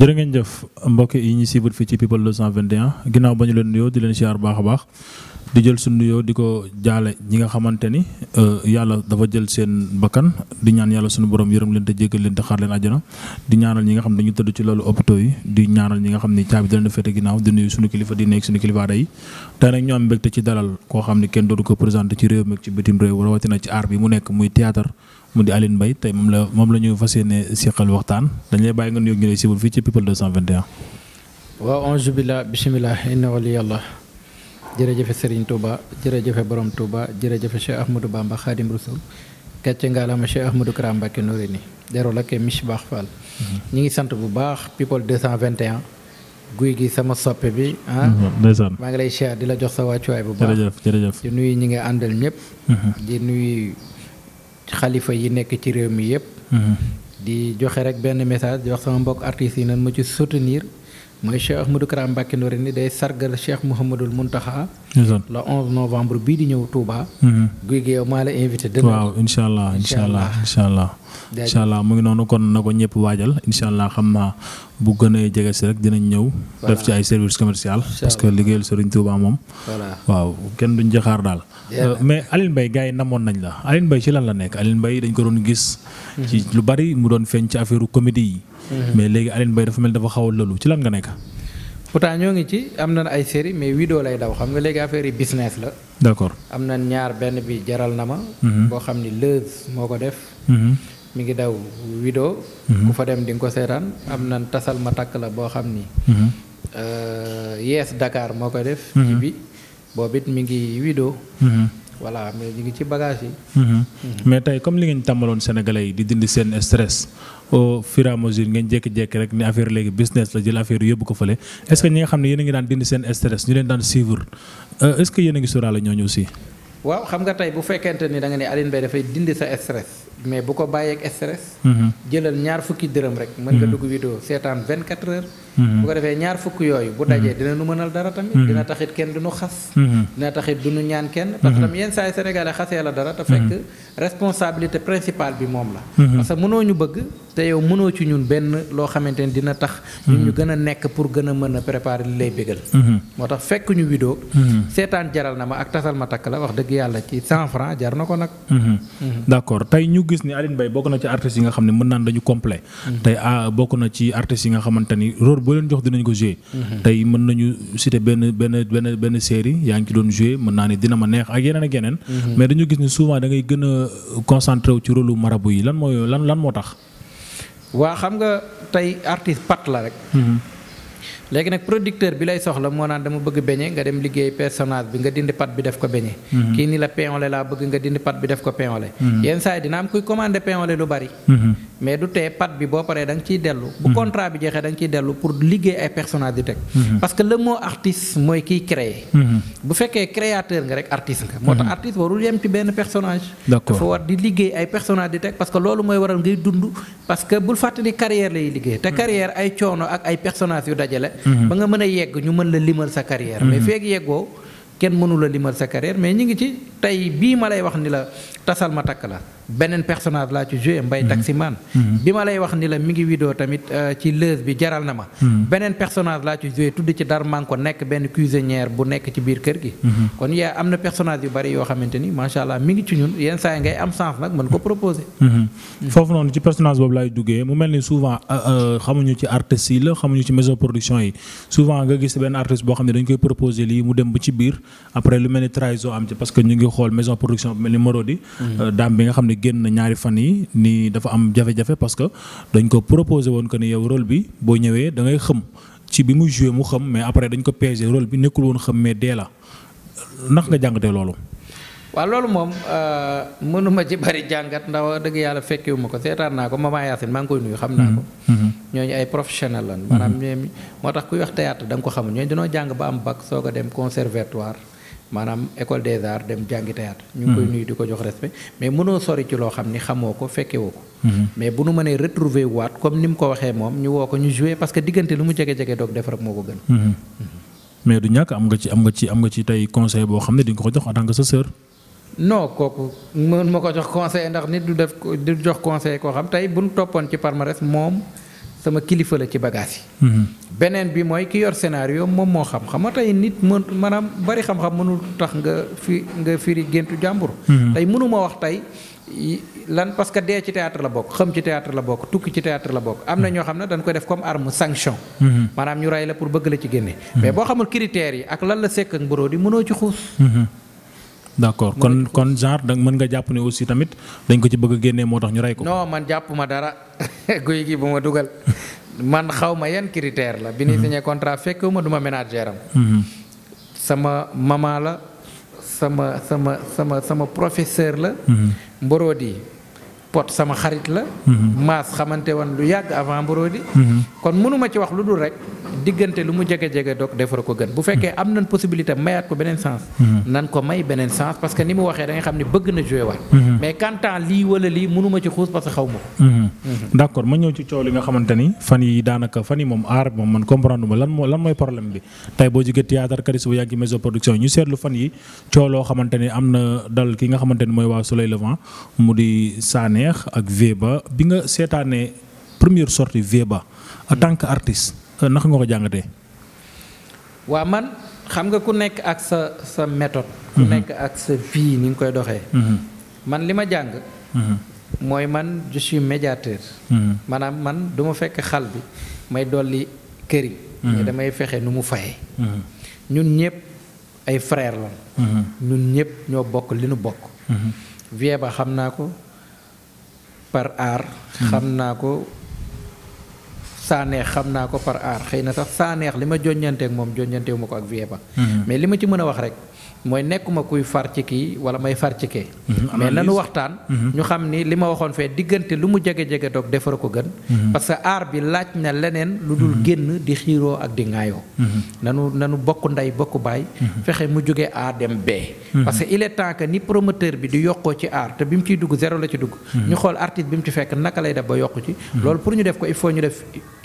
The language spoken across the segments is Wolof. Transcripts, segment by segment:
jërë ngeen jëf mbokk yi ñu siibat fii ci people 221 ginnaaw ba ñu leen nuyoo di leen siyaar baax a baax di jël suñu nuyoo di ko jaale ñi nga xamante ni euh, yàlla dafa jël seen bakkan di ñaan yàlla suñu borom yërëm leen te jéggal leen te xaar leen àjjana di ñaanal ñi nga xam ne dañu tëdd ci loolu hôpitaux yi di ñaanal ñi nga xam ne caabi da leen féete ginnaaw di nuyu suñu kilifa di nekk suñu kilifa day tey nag ñoo am mbégte ci dalal koo xam ne kenn doodu ko présenté ci réew ci bitim réew rawatina ci art bi mu nekk muy théâtre mu di Alioune Mbaye tey moom la ñu fas yéene siqal waxtaan dañ lay bàyyi nga nuyoog ñu lay sibul fii ci People 221. waaw ange billah bismillah inna waliyallah jërëjëfe Serigne Touba jërëjëfe Borom Touba jërëjëfe Cheikh Ahmadou Bamba Khadim Rasoul gàcce ngaalama Cheikh Ahmadou Kara Mbacké Noreyni deroo lakke Mich Baax Fall mhm. ñi ngi sant bu baax People 221 guy gi sama soppe bi ah mhm, ndeysaan maa ngi lay siyaar di la jox sa wàccuwaay bu baax jërëjëf jërëjëf di nuyu ñi nga àndal ñëpp mhm. xalifa yi nekk ci réew mi yëpp. Mhm. di joxe rek benn message di wax sama mbokk artistes yi nan ma ci soutenir mooy Cheikh Ahmadou Kara Mbacké Noreyni day sargal Cheikh Mouhamadul taxa le 11 novembre bii di ñëw Touba. Mm-hmm. guy gi yow waaw incha allah incha allah incha allah. incha allah mu ngi noonu kon na ko ñëpp waajal incha allah xam naa bu gënee jege si rek dinañ ñëw. def ci ay service commercial parce que liggéeyal Serigne Touba moom. waaw kenn duñ jaxaar daal. Euh, mais Alioune Mbaye gars yi namoon nañ la Alioune Mbaye ci lan la nekk Alioune Mbaye dañ ko doon gis. Mm-hmm. ci lu bari mu doon feeñ ci affaire comédie yi. Mm-hmm. mais léegi Alioune Mbaye dafa mel dafa xaw a ci lan nga nekk. pourtant ñoo ngi ci am na ay série mais vidéo lay daw xam nga léegi affaire yi business la. d' accord am na ñaar benn bi jaral na ma. Mhm. boo xam ni Leuz moo ko def. Mhm. mi ngi daw vidéo. Mhm. ku fa dem di ko seetaan am na tasal ma takk la boo xam ni. Euh, yees Dakar moo ko def. ci bi boobu it ngi vidéo. voilà mais ñu ngi ci bagage yi. mais tey comme li ngeen tàmmaloon Sénégalais yi di dindi seen stress au fur et à ngeen jékki-jékki rek ni affaire léegi business la jël affaire yóbbu ko fële est ce que xam ne yéen ngi daan dindi seen stress ñu leen daan suivre euh, est ce ngi sóoraale ñooñu aussi. waaw xam nga tey bu fekkente ni da nga ne Alioune dafay dindi sa stress mais bu ko bàyyeeg stress. Mhm. jëlal ñaar fukki dërëm rek. mën nga mhm. dugg vidéo seetaan vingt quatre heures. Mhm. bu ko defee ñaar fukk yooyu. bu dajee dina nu mënal dara tamit. dina taxit kenn du nu xas. dina taxit du nu ñaan kenn. parce que tam yenn saa yi sénégalais xasee la dara. te fekk responsabilité principal bi moom la. parce mënoo ñu bëgg te yow mënoo ci ñun benn loo xamante ni dina tax. ñun ñu gën a nekk pour gën a mën a préparer li lay bégal. moo tax fekk ñu wido seetaan jaral na ma ak tasal ma takk la wax dëgg yàlla ci cent jar na ko nag. gis ni Aline Mbaye bokk na ci artistes yi nga xam ne mën naan dañu complet mm-hmm. tey a ah, bokk na ci artistes yi nga xamante ni boo leen jox dinañ ko joué mm-hmm. tey mën nañu cité benn benn benn yaa ngi ci doon joué mën naa ni dina ma neex ak yeneen ak yeneen mm-hmm. mais dañu gis ni souvent da ngay gën a ci rôle marabu yi lan moo tax waa xam nga tey artiste pat la rek léegi nag producteur bi lay soxla moo naan dama bëgg beñe nga dem liggéey personnage bi nga dindi pat bi def ko beñe mhm. kii ni la painolé laa bëgg nga dindi pat bi def ko painolé mhm. yenn saa yi mhm. mooy kiy créer bu fekkee créateur nga rek artiste nga moo tax artiste warul yem ci benn personnage dafa war di liggéey ay personnage di teg parce que loolu mooy waral ngay dund parce que bul fàttali carrière lay liggéey te carrière ay coono ak ay personnage dajale. Mhm. ba nga mën a yegg ñu mën la limal sa carrière. Mhm. mais feeg yeggoo kenn mënula la limal sa carrière mais ñu ngi ci tey bii ma lay wax ni la tasal ma takk la. beneen personnage laa ci joué Mbaye mm-hmm. Taximan mm-hmm. bi ma lay wax ni la mi ngi widoo tamit euh, ci lëz bi jaral na ma mm-hmm. beneen personnage laa ci joué tudd ci dara maa ko nekk benn cuisinière bu nekk ci biir kër gi kon yaa am na personnage yu bari yoo xamante ni macha allah mi ngi ci ñun yenn saa yi ngay am sens nag mën ko proposer foofu noonu ci personnage boobu laay duggee mu mel ni souvent euh, euh, xamuñu ci artistes yi la xamuñu ci maison production yi souvent nga gis benn bi génn ñaari fan yi nii dafa am jafe-jafe parce dañ ko proposé woon que ni yow rôle bi boo ñëwee da ngay xëm ci bi mu joué mu xëm mais après dañ ko pesé rôle bi nekkul woon xëm mais dee la ndax nga jàngatee loolu. waaw loolu moom euh, mënuma ci bari jàngat ndax dëgg yàlla fekkiwu ma ko seetaan naa ko mama Yacine maa ngi koy nuyu xam naa ko. Mm-hmm, mm-hmm. ñooñu ay professionnel lan maanaam mm-hmm. ñoom moo tax kuy wax théâtre da nga ko xamul ñooñu dañoo jàng ba am bac soog a maanaam école des arts dem jàngi théâtre ñu ngi koy mm-hmm. nuyu di ko jox respect mais mënoo sori ci loo xam ni xamoo ko fekkewoo ko mm-hmm. mais bu nu mënee retrouver waat comme ni mu ko waxee moom ñu woo ko ñu jouer parce que diggante lu mu jege-jege doog def rek moo ko gën mm-hmm. mais du ñàkk am nga ci am nga ci tey conseil boo xam ne di nga ko jox en tant sa sœur non kooku mën ma ko jox conseil ndax nit du def du jox conseil koo xam tey buñ toppoon ci palmarès moom sama kilifa la ci bagage yi. Mhm. beneen bi mooy ki yor scénario moom moo xam xam tey nit mën maanaam bari xam-xam mënul tax nga fi nga firi géntu jàmbur. Mhm. tey mënuma wax tey. lan parce que dee ci théâtre la bokk xam ci théâtre la bokk tukki ci théâtre la bokk am na mhm. ñoo xam ne dañ koy def comme arme sanction maanaam ñu rey la pour bëgg la ci génne mais boo xamul critères yi ak lan la sekk ak mboroo di mënoo ci xuus d' accord kon kon genre da mën nga jàpp ne aussi tamit dañ ko ci bëgg a génnee moo tax ñu rey ko. non man jàpp ma dara guy gi bu ma dugal man xaw ma yan critère la. bi ñuy mhm. signé contrat fekkewu ma du ma ménagère am. Mhm. sama mama la sama sama sama sama professeur la. Mhm. mboroodi. pot sama xarit la. Mm-hmm. maas xamante woon lu yàgg avant Mborodi. Mm-hmm. kon mënuma ci wax lu dul rek diggante lu mu jege jege doog ko gën bu fekkee mm-hmm. am nañ possibilité mayaat ko beneen sens. nan ko may beneen sens parce que ni mu waxee da xam ne bëgg na joué waat. mais quant lii wala lii mënuma ci xuus parce que xaw ma ko. d' ma ñëw ci coow nga xamante fan yi daanaka fan yi moom aar moom man comprendre lan mooy problème bi tey boo jugee théâtre neex ak ba bi nga seetaanee première sortie Veba en tant que artiste euh, naka nga ko jàngatee. waa man xam nga ku nekk ak sa sa méthode. ku mhm. nekk ak sa vie ni nga koy doxee. Mhm. man li ma jàng. Mhm. mooy man je suis médiateur. maanaam man du fekk xal bi may dolli kër yi. damay fexe nu mu fayee. ñun ñëpp ay frères la. ñun ñëpp ñoo bokk li nu bokk. Vieba xam naa ko par aar. xam naa ko saaneex xam naa ko par aar xëy na sax saaneex li ma joññanteek moom joññantewu ko ak Vieux Ba mm-hmm. mais li ma ci mën a wax rek mooy nekkuma kuy far ci kii wala may far ci kee mm-hmm. mais nanu waxtaan mm-hmm. ñu xam ni li ma waxoon fee diggante lu mu jege-jege doog defar ko gën parce que aar bi laaj na leneen lu dul génn di xiiroo ak di ŋaayoo nanu nanu bokk ndey bokk baay fexe mu jógee A dem B parce que il est temps que ni promoteur bi di yokkoo ci aar te bi mu ciy dugg la ci dugg ñu xool artiste bi mu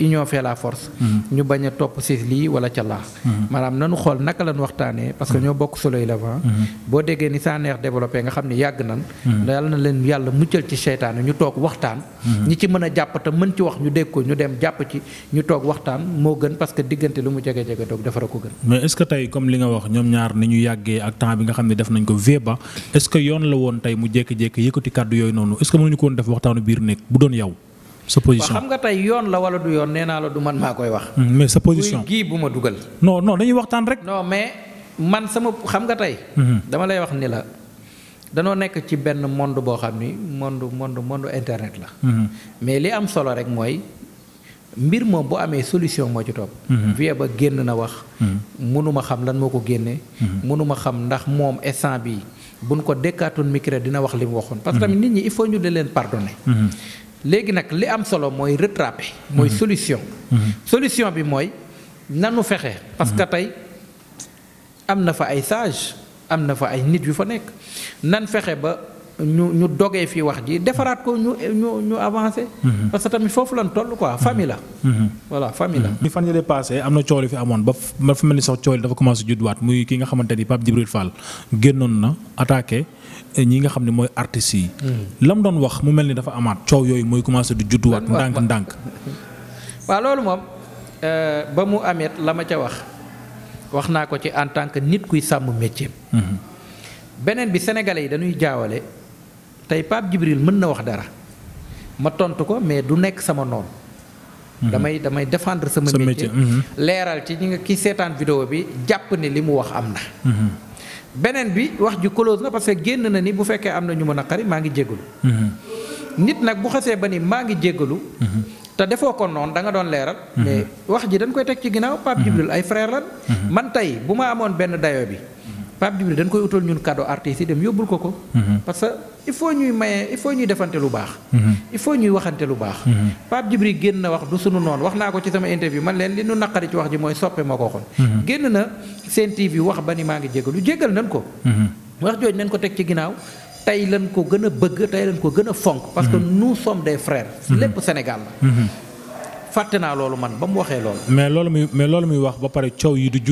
union fait la force. Mm-hmm. ñu bañ a topp si lii ca laa. Mm-hmm. maanaam nanu xool naka lañ waxtaanee parce que mm-hmm. ñoo bokk soleil levant. boo déggee ni Sanex développé nga xam ne yàgg nan yàlla na leen yàlla muccal ci seytaan ñu toog waxtaan. ñi ci mën a jàpp te mën ci wax ñu dégg ko ñu dem jàpp ci ñu toog waxtaan moo gën parce que diggante lu mu jege jege toog defara ko gën. mais est ce que tey comme li nga wax ñoom ñaar ni ñu yàggee ak temps bi nga xam ne def nañ ko VEBA est ce yoon la yow sa position xam nga tey yoon la wala du yoon nee naa la du man maa koy wax. Hmm, mais sa position gii bu ma dugal. non non dañuy waxtaan rek. non mais man sama xam nga tey. Hmm. dama lay wax ni la danoo nekk ci benn monde boo xam ni monde monde monde internet la. Hmm. mais li am solo rek mooy. mbir moom bu amee solution moo ci topp. vie ba génn na wax. mënuma xam lan moo ko génne. mënuma xam ndax moom instant bi buñ ko dékkaatoon micro dina wax li mu waxoon. parce que tamit nit ñi il faut ñu di leen pardonner. léegi nag li am solo mooy rattrapé. mooy mm-hmm. solution. Mm-hmm. solution bi mooy nanu fexe. parce que mm-hmm. tey am na fa ay sage am na fa ay nit yu fa nekk nan fexe ba. ñu ñu dogee fi wax ji defaraat ko ñu ñu ñu avancé. Mhm. parce que tamit foofu lan toll quoi mhm. famille la. Mhm. voilà famille la. fan yële passé am na coow fi amoon ba ma fa mel ni sax coow dafa commencé judduwaat muy ki nga xamante ni Pape Djibril na attaqué ñi nga xam ne mooy artistes yi. lam doon wax mu mel ni dafa amaat coow yooyu mooy commencé di judduwaat ndànk ndànk. waaw loolu moom euh, ba mu ameet la ma ca wax wax naa ko ci en tant que nit kuy sàmm métier. beneen bi sénégalais yi dañuy jaawale. tey Pape Djibril mën na wax dara ma tontu ko mais du nekk sama noon mhm. damay damay défendre sama métier mhm. leeral ci ñi nga ki seetaan video bi jàpp ne li mu wax am na. Mhm. beneen bi wax ju close na parce que génn na ni bu fekkee am na ñu mën a xari maa ngi jégalu. nit nag bu xasee ba ni maa ngi jégalu. te defoo ko noonu danga doon leeral. mais wax ji dañ koy teg ci ginnaaw Pape Djibril ay frère man tey bu ma amoon benn dayo bi. Pape Djibril dañ koy utal ñun cadeau artistes yi dem yóbbul ko ko. Mhm. parce il faut ñuy maye il faut ñuy defante lu baax. Mhm. il faut ñuy waxante lu baax. Mhm. Pape Djibril génn na wax du sunu noonu wax naa ko ci sama interview man leen li nu naqari ci wax ji mooy soppe moo ko waxoon. génn na seen TV wax ba ni maa ngi jégalu jégal nañ ko. wax jooju nañ ko teg ci ginnaaw. tey lañ ko gën a bëgg tey lañ ko gën a fonk. parce que nous sommes des frères. lépp Sénégal la. fàtte naa loolu man ba mu waxee loolu. mais wax ba pare coow yi du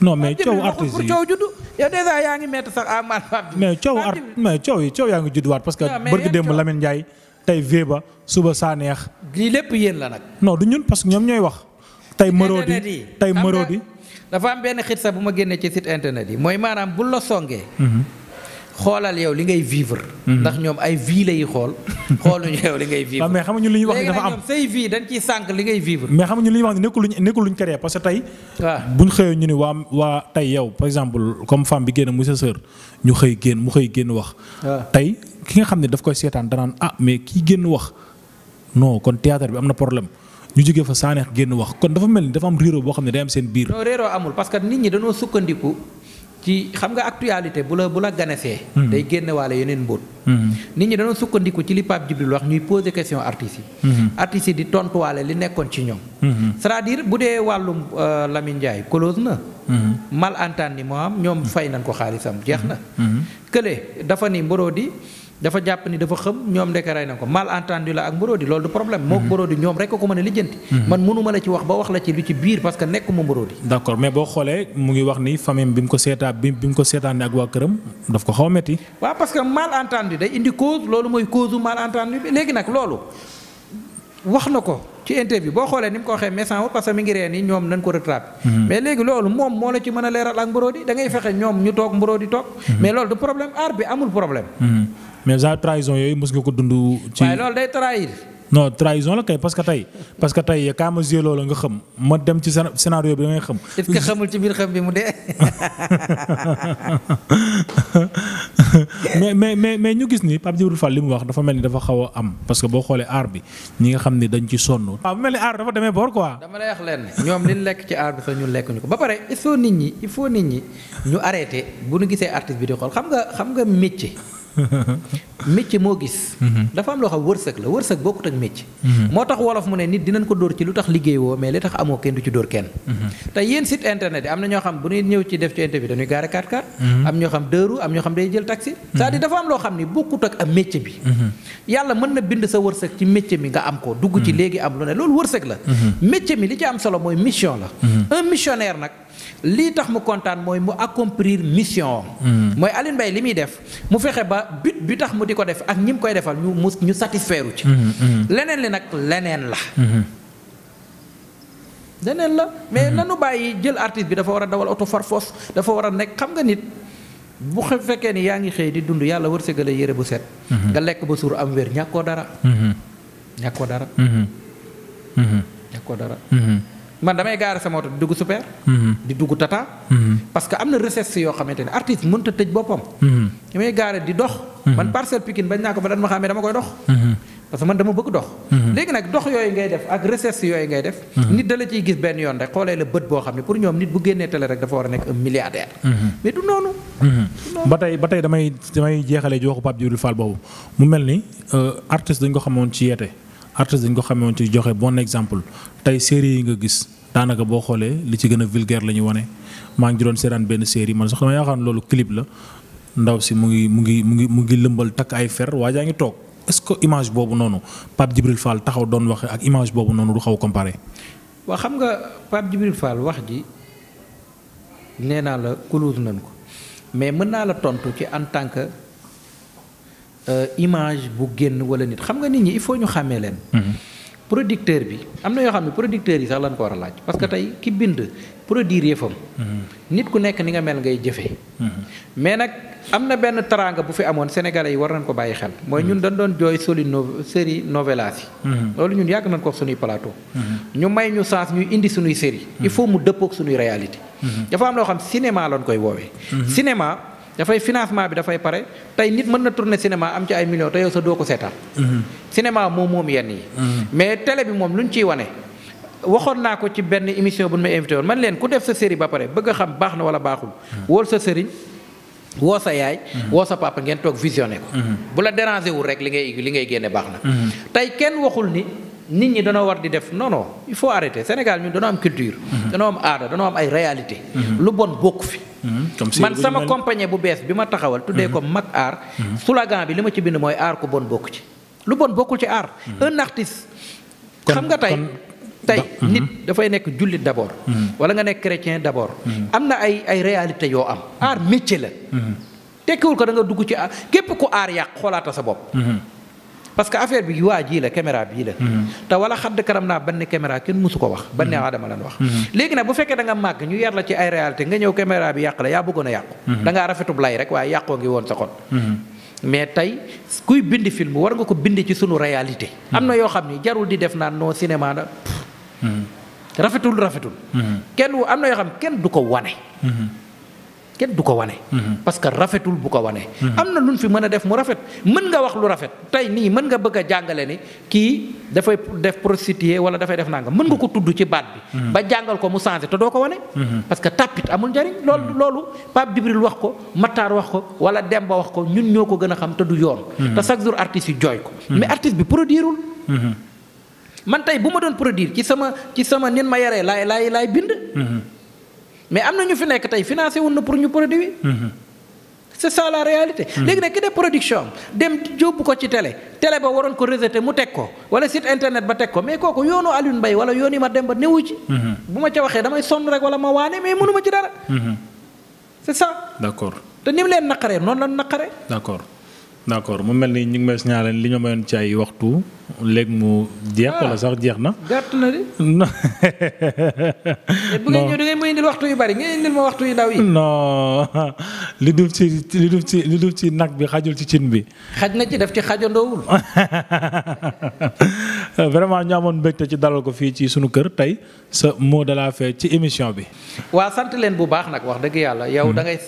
non mais ah, coow artiste yi coow juddu yow dèjà yaa ngi métti sax Amar Fap. mais coow art mais coow yi coow yaa ngi judduwaat parce que. bërki démb Lamine Ndiaye tey ba suba saa neex lii lépp yéen la nag. non du ñun parce que ñoom ñooy wax. tey Marodi tey Marodi. dafa am benn xit sax bu ma génnee ci site internet yi mooy maanaam bu la songee. Mhm. xoolal yow li ngay vivre. Mhm. ndax ñoom ay vie lay xool. xooluñu yow li ngay vivre. mais xam ñu li ñu wax ni dafa am say vie dañ ciy sànq li ngay vivre. mais xam nga li ñuy wax ni nekkul luñ nekkul luñ créé parce que tey. xëyee ñu ni waa waa tey yow par exemple comme fem bi génn muy sa sœur ñu xëy génn mu xëy génn wax. tey ki nga xam ne daf koy seetaan danaan ah mais kii génn wax non kon théâtre bi am na problème. ñu jógee fa saaneex génn wax kon dafa mel ni dafa am réeroo boo xam ne day seen biir. parce que nit ñi dañoo sukkandiku ci xam nga actualité bu la bu la ganesee hmm. day génnewaale yeneen mbóot hmm. nit ñi dañoo sukkandiku ci li Pape Djibril wax ñuy poser question artistes yi hmm. artistes yi di tontuwaale li nekkoon ci ñoom c'est-à-dire bu dee wàllum euh, Lamine Ndiaye close na malentendu moo am ñoom fay nañ ko xaalisam jeex na kële dafa ni mboroo dafa jàpp ni dafa xam ñoom ndeke rey na ko malentendu la ak mborodi loolu du problème moo mhm. mborodi ñoom rek ko mën a lijjanti mhm. man mënuma la ci wax ba wax la ci lu ci biir parce que nekkuma mborodi d'accord mais boo xoolee mu ngi wax ni famille bi mu ko seetaan bi mu ko seetaan ak waa këram daf ko xaw a metti waaw parce que malentendu day indi cause loolu mooy cause u malentendu bi léegi nag loolu wax na ko ci interview boo xoolee ni mu ko waxee méchant parce que mi ngi ree ñoom nañ ko rattrapé mhm. mais léegi loolu moom moo la ci mën a leeral ak Mborodi da ngay fexe ñoom ñu toog Mborodi toog mhm. mais loolu du problème aar bi amul problème mhm. mais genre trahison yooyu mos nga ko dund ci waaye loolu day trahir non trahison la kay parce que tey parce que tey kaa ma joué loolu nga xam ma dem ci scénario bi da ngay xam. est-ce que ci biir xam bi mu dee. mais mais mais mais ñu gis ni Pape Djibril Fall li mu wax dafa mel ni dafa xaw a am parce que boo xoolee aar bi ñi nga xam ni dañ ci sonn. waaw bu mel ni aar dafa demee boor quoi. dama lay wax leen ñoom liñ lekk ci aar bi sax ñu lekkuñu ko ba pare il faut nit ñi il faut nit ñi ñu arrêté bu ñu gisee artiste bi di xool xam nga xam nga métier. métier moo gis. Mhm. dafa am loo xam wërsëg la wërsëg bokkut ak métier. Mhm. moo tax wolof mu ne nit dinañ ko dóor ci lu tax liggéey woo mais li tax amoo kenn du ci dóor kenn. Mhm. te yéen site internet am na ñoo xam bu ñuy ñëw ci def ci interview dañuy gaare 4x4. am ñoo xam deux am ñoo xam day jël taxi. c'est-à-dire dafa am loo xam ni bokkut ak am métier bi. yàlla mën na bind sa wërsëg ci métier mi nga am ko. dugg ci léegi am lu ne loolu wërsëg la. métier mi li ci am solo mooy mission la. un missionnaire nag. lii tax mu kontaan mooy mu accomplir mission. Hmm. mooy Alioune Mbaye li muy def mu fexe ba but bi tax mu di ko def ak ñim koy defal ñu mu ñu satisfaire ci. Hmm, hmm. leneen li nag leneen la. leneen la mais nanu bàyyi jël artiste bi dafa war a dawal oto farfos dafa war a nekk xam nga nit. bu fekkee ni yaa ngi xëy di dund yàlla wërsëgale yére bu set. nga lekk ba suur am wér ñàkkoo dara. ñàkkoo dara. ñàkkoo dara. man damay gaare sama oto di dugg super. Mm-hmm. di dugg tata. Mm-hmm. parce que am na recette yoo xamante ne artiste mënut a tëj boppam. damay mm-hmm. gaare di dox. man parcelle Pikine bañ naa ko fa dan ma xamee dama koy dox. parce que man dama bëgg dox. léegi nag dox yooyu ngay def ak recette yooyu ngay def. nit da la ciy gis benn yoon rek xoolee la bët boo xam ne pour ñoom nit bu génnee télé rek dafa war a nekk un mais du noonu. ba tey ba tey damay damay jeexalee ji waxu Pape Djibril mu mel ni euh, artiste dañ ko xamoon ci yeete. artistes dañ ko xamewoon ci joxe bon exemple tey série yi nga gis daanaka boo xoolee li ci gën a vulgaire la ñu wane maa ngi doon seetaan benn série man sax dama yaakaar loolu clip la ndaw si mu ngi mu ngi mu ngi mu ngi lëmbal takk ay fer waa jaa ngi toog est-ce que image boobu noonu Pape Djibril Fall taxaw doon waxe ak image boobu noonu du xaw comparé. waa xam nga Pape Djibril Fall wax ji nee naa la close nañ ko mais mën naa la tontu ci en Euh, image bu génn wala nit xam nga nit ñi il faut ñu xàmmee leen. Mhm. producteur bi am na yoo xam ne producteurs yi sax lañ ko war a laaj parce que mhm. tey ki bind produire yëfam. Mhm. nit ku nekk ni nga mel ngay jëfee. mais nag am na benn taraanga bu fi amoon sénégalais yi war nañ ko bàyyi xel. mooy ñun dañ doon jooy soli no série novelas yi. loolu ñun yàgg nañ ko suñuy plateau. ñu may ñu chance ñu indi suñuy série il faut mu dëppoog suñuy réalité. dafa am loo xam cinéma lañ koy woowee. dafay financement bi dafay pare tey nit mën na tourner cinéma am ci ay millions te yow sa doo ko seetaan. Mhm. cinéma moom moom yenn yi. Mhm. mais télé bi moom lu ñu ciy wane. waxoon naa ko ci benn émission bu ñu may invité man leen ku def sa série ba pare bëgg a xam baax na wala baaxul. Mhm. wóol sa sëriñ woo sa yaay. woo sa papa ngeen toog visionné ko. bu la déranger wul rek li ngay li ngay génne baax na. tey kenn waxul ni. nit ñi danoo war di def non non il faut arrêter Sénégal ñun danoo am culture. danoo am aada danoo ay réalité lu bon bokk fi. Mhm. man sama compagnie bu bees bi ma taxawal. tuddee ko mhm. mag aar. Mhm. slogan bi li ma ci bind mooy aar ku bon bokk ci. lu bon bokkul ci aar. un artiste. xam nga tey tey nit dafay nekk jullit d'abord. wala nga nekk chrétien d'abord. am na ay ay réalité yoo am. aar métier la. tekkiwul ko da nga dugg ci aar képp ku aar yàq xoolaata sa bopp. parce que affaire bi waa jii la caméra bii la. Mhm. te wala xadd karam naa ban caméra kenn mësu ko wax. ban mhm. aadama lan wax. Mhm. léegi nag bu fekkee da nga ñu yar la ci ay réalité nga ñëw caméra bi yàq la a yàqu. da ngaa rafetub lay rek waaye yàqoo ngi woon sa xol. mais tey kuy bind film war nga ko bind ci sunu réalité. am na yoo xam ni jarul di def naan non cinéma la. rafetul rafetul. kenn am na yoo xam kenn du ko wane. kenn du ko wane. Mhm. parce que rafetul bu ko wane. Mhm. am na lu ñu fi mën a def mu rafet mën nga wax lu rafet tey nii mën nga bëgg a jàngale ni kii dafay def prostituée wala dafay def nangam mën nga ko tudd ci baat bi. Mhm. ba jàngal ko mu changé te doo ko wane. parce que tàppit amul njariñ loolu loolu Pape Djibril wax ko Matar wax ko wala ba wax ko ñun ñoo ko gën a xam te du yoon. te chaque jour artistes yi jooy ko. mais artiste bi produireul. man tey bu ma doon produire ci sama ci sama nin ma yaree laay mais am na ñu fi nekk tey financé wun na pour ñu produire. Mhm. c'est ça la réalité. Mhm. léegi nag ki def production am dem jóbbu ko ci tele télé ba waroon ko rejeté mu teg ko wala site internet ba teg ko mais kooku yoonu Alioune Mbaye wala yoonu ma dem ba newu ci. Mhm. bu ma ca waxee damay sonn rek wala ma waane mais mënu ma ci dara. c'est ça. te ni leen naqaree noonu la naqaree. d'accord. d'accord mu mel ni ñu ngi may signaler li ñu mayoon ci ay waxtu léegi mu jeex. wala ah. sax jeex na. gàtt na de. non. bu ngeen ñëw da ngeen indil waxtu yu bari ngeen indil ma waxtu yu ndaw yi. non li dul ci li du ci li dul ci nag bi xajul ci cin bi. xaj na ci def ci xajandoowul. vraiment ñu amoon mbégte ci dalal ko fii ci sunu kër tey sa moo de la ci émission bi. waa sant leen bu baax nag wax dëgg yàlla. yow hmm. da ngay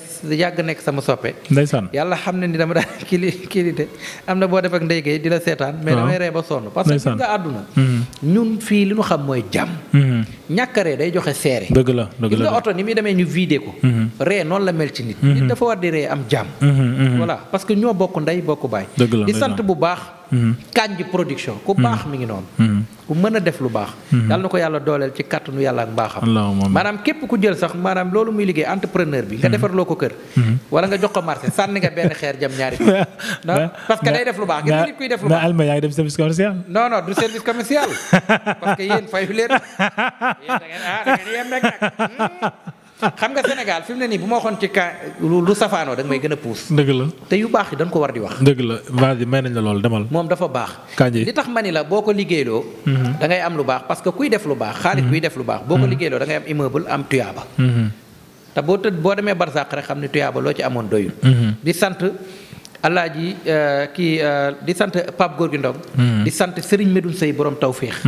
yàgg nekk sama soppe. ndeysaan yàlla xam ne ni dama daan kili kili de am na boo def ak ndey di la seetaan. mais damay ree ba sonn. parce que nga àdduna. Hmm. ñun fii li ñu xam mooy jàmm. Hmm. ñàkk day joxe seere. dëgg la dëgg la oto ni muy demee ñu vidé ko. Mhm. ree noonu la mel ci nit. Mhm. nit dafa war di ree am jàmm. Mhm, voilà parce que ñoo bokk ndey bokk baay. di sant bu baax. kanji production ku baax mi ngi noonu hmm. ku mën a def lu baax hmm. yàlla na ko yàlla dooleel ci kàttanu yàlla ak mbaaxam maanaam képp ku jël sax maanaam loolu muy liggéey entrepreneur bi nga hmm. defar loo ko kër wala nga jox ko marché sànni nga benn xeer jam ñaari parce que day def lu baax nga nit kuy def lu baax alma yaa du service commercial parce que yéen leen yéen da ngeen ah da ngeen yem rek nag xam nga Sénégal fi mu ne nii bu ma waxoon ci ka lu safaanoo da may gën a puus. dëgg la te yu baax yi dañ ko war di wax. dëgg la vas-y may nañ la loolu demal. moom dafa baax. kanji li tax ma ni la boo ko liggéeyloo. Mhm. da ngay am lu baax parce que kuy def lu baax. xaalis kuy mhm. def mhm. da ngay am immeuble am tuyaaba. te boo tëdd boo demee barsàq rek xam ne tuyaaba loo ci amoon doyul. di sant alaaji euh, kii euh, di sant Pape Gorgui Ndong di sant Serigne Medoune Seye borom tawféex.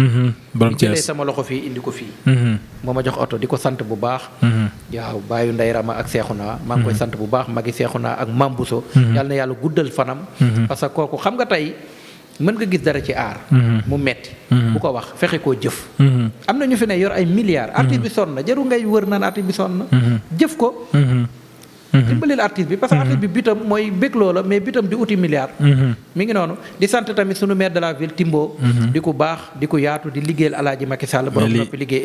borom Thiès jëlee sama loxo fii indi ko fii. moo ma jox oto bu baax. waaw bàyyu ndey rama ak Seexuna maa ngi koy mhm. sant bu baax magi Seexuna ak Mam Bousso mhm. yàlla na yàlla guddal fanam mhm. parce que kooku xam nga tey mën nga gis dara ci aar mu metti bu ko wax fexe koo jëf am na ñu fi ne yor ay milliards artiste bi sonn jëf ko Mm-hmm. dimbalil artiste bi parce que mm-hmm. artiste bi bitam mooy bégloo la mais bitam di uti milliard mm-hmm. mi ngi noonu di sant tamit sunu maire de la ville Timbo di ku baax di ku yaatu di liggéey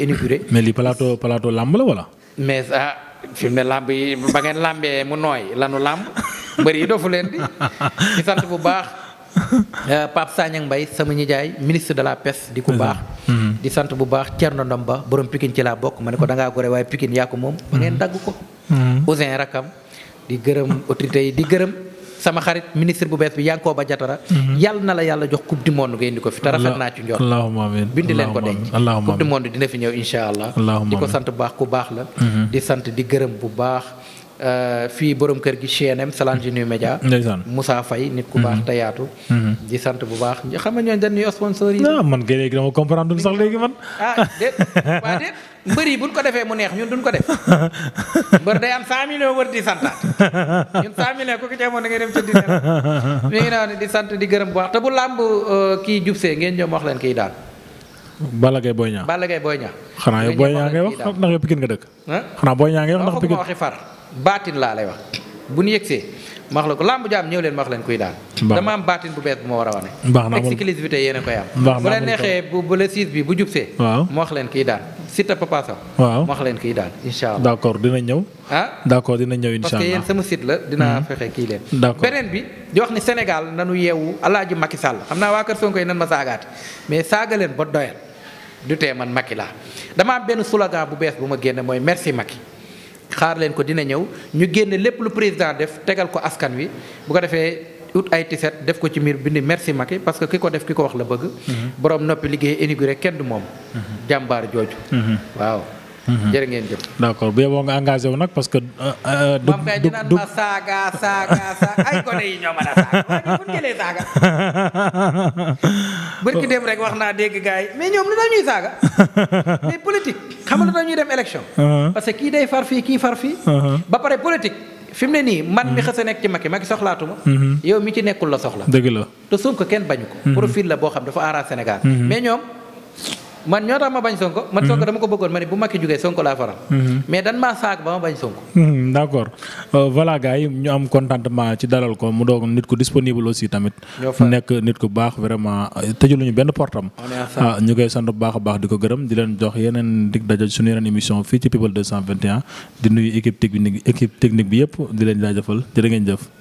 inauguré mais li plateau la wala mais ah fi mu ne làmb yi ba ngeen làmbee mu nooy lanu làmb mbër yi dofu leen di di sant bu baax euh, Pape Sagnang Mbaye sama nijaay ministre de la pêche di ku baax di sant bu baax Thierno Ndomba borom Pikine ci laa bokk ma ne ko dangaa gore waaye Pikine di gërëm autorité yi di gërëm sama xarit ministre bu bees bi Yankoba Diatara mm-hmm. yàlla na la yàlla jox coupe du monde nga indi ko fi te rafet naa ci njort allahumma leen ko denc coupe du monde dina fi ñëw insha allah di ko sant baax ku baax la mm-hmm. di sant di gërëm bu baax Euh, fii borom kër gi CNM H&M, Salange New Media. ndeysaan Moussa nit ku baax mhm. te mhm. di sant bu baax xam nga ñooñu dañuy sponsor yi. ah man kay léegi dama comprendre sax ah, ko defee mu neex ñun duñ ko def mbër day am 100 millions wër di santaat ñun 100 ko ci amoon da ngay dem ca di sant di gërëm bu baax te bu làmb euh, kii jubsee ngeen ñoom wax leen kii daal. Balla Gaye Boy Niang. Balla Gaye Boy Niang. xanaa yow Boy Niang wax ndax yow Pikine nga dëkk. xanaa Boy Niang ngay wax ndax baatin laa lay wax bu nu yegsee ma wax la ko làmb jaam ñëw leen ma wax leen kuy daan dama am baatin bu bees bu ma war a wane exclusivité yéen a koy am bu la neexee bu bu la siis bi wax leen kiy daan site Papa Sow waaw leen kiy daan insha allah d'accord dina ñëw ah d'accord dina ñëw insha allah parce sama site la dinaa mm-hmm. fexe kii leen beneen bi di wax ni Sénégal nanu yeewu alaaji Macky Sall xam naa waa kër Sonko nan ma saagaate mais saaga leen ba doyal du tee man Macky laa dama am benn slogan bu bees bu ma génne mooy merci Macky xaar leen ko dina ñëw ñu génne lépp lu président def tegal ko askan wi bu ko defee ut ay tiset def ko ci mbir bindi merci Macky parce que ki ko def ki ko wax la bëgg. Mhm. borom noppi liggéey inauguré kenn du moom. Mhm. jàmbaar jooju. Mhm. waaw. Mhm. jërë ngeen jëf. d' accord bu yeboo nga engagé wu nag parce que. Euh, euh, du du du ma saaga saaga saaga ay gone yi ñoo mën saaga bu ñu dem rek wax naa dégg gars yi mais ñoom lu tax saaga mais politique xam nga lu tax ñuy dem élection. Uh-huh. parce que kii dey far fii kii far fii. Uh-huh. ba pare politique. fi mu ne nii man mi uh-huh. xës a nekk ci Macky Macky soxlaatuma yow mi ci nekkul la soxla. dëgg la te ko kenn bañu ko. profil la boo xam dafa aaraat Sénégal mais ñoom. man ñoo tax ma bañ Sonko. man Sonko mhm. dama ko bëggoon ma ne bu Macky jugee Sonko laa faral. Mhm. mais dan maa saag ba ma bañ Sonko. Mhm, d' accord euh, yi ñu am contentement ci dalal ko mu doog nit ku disponible aussi tamit. nekk nit ku baax vraiment tëjuluñu benn portam. Ah, ñu koy sant bu baax baax di ko gërëm di leen jox yeneen di daje suñu yeneen émission fii ci People 221 di nuyu équipe technique équipe technique bi yëpp di leen jaajëfal jërë ngeen jëf.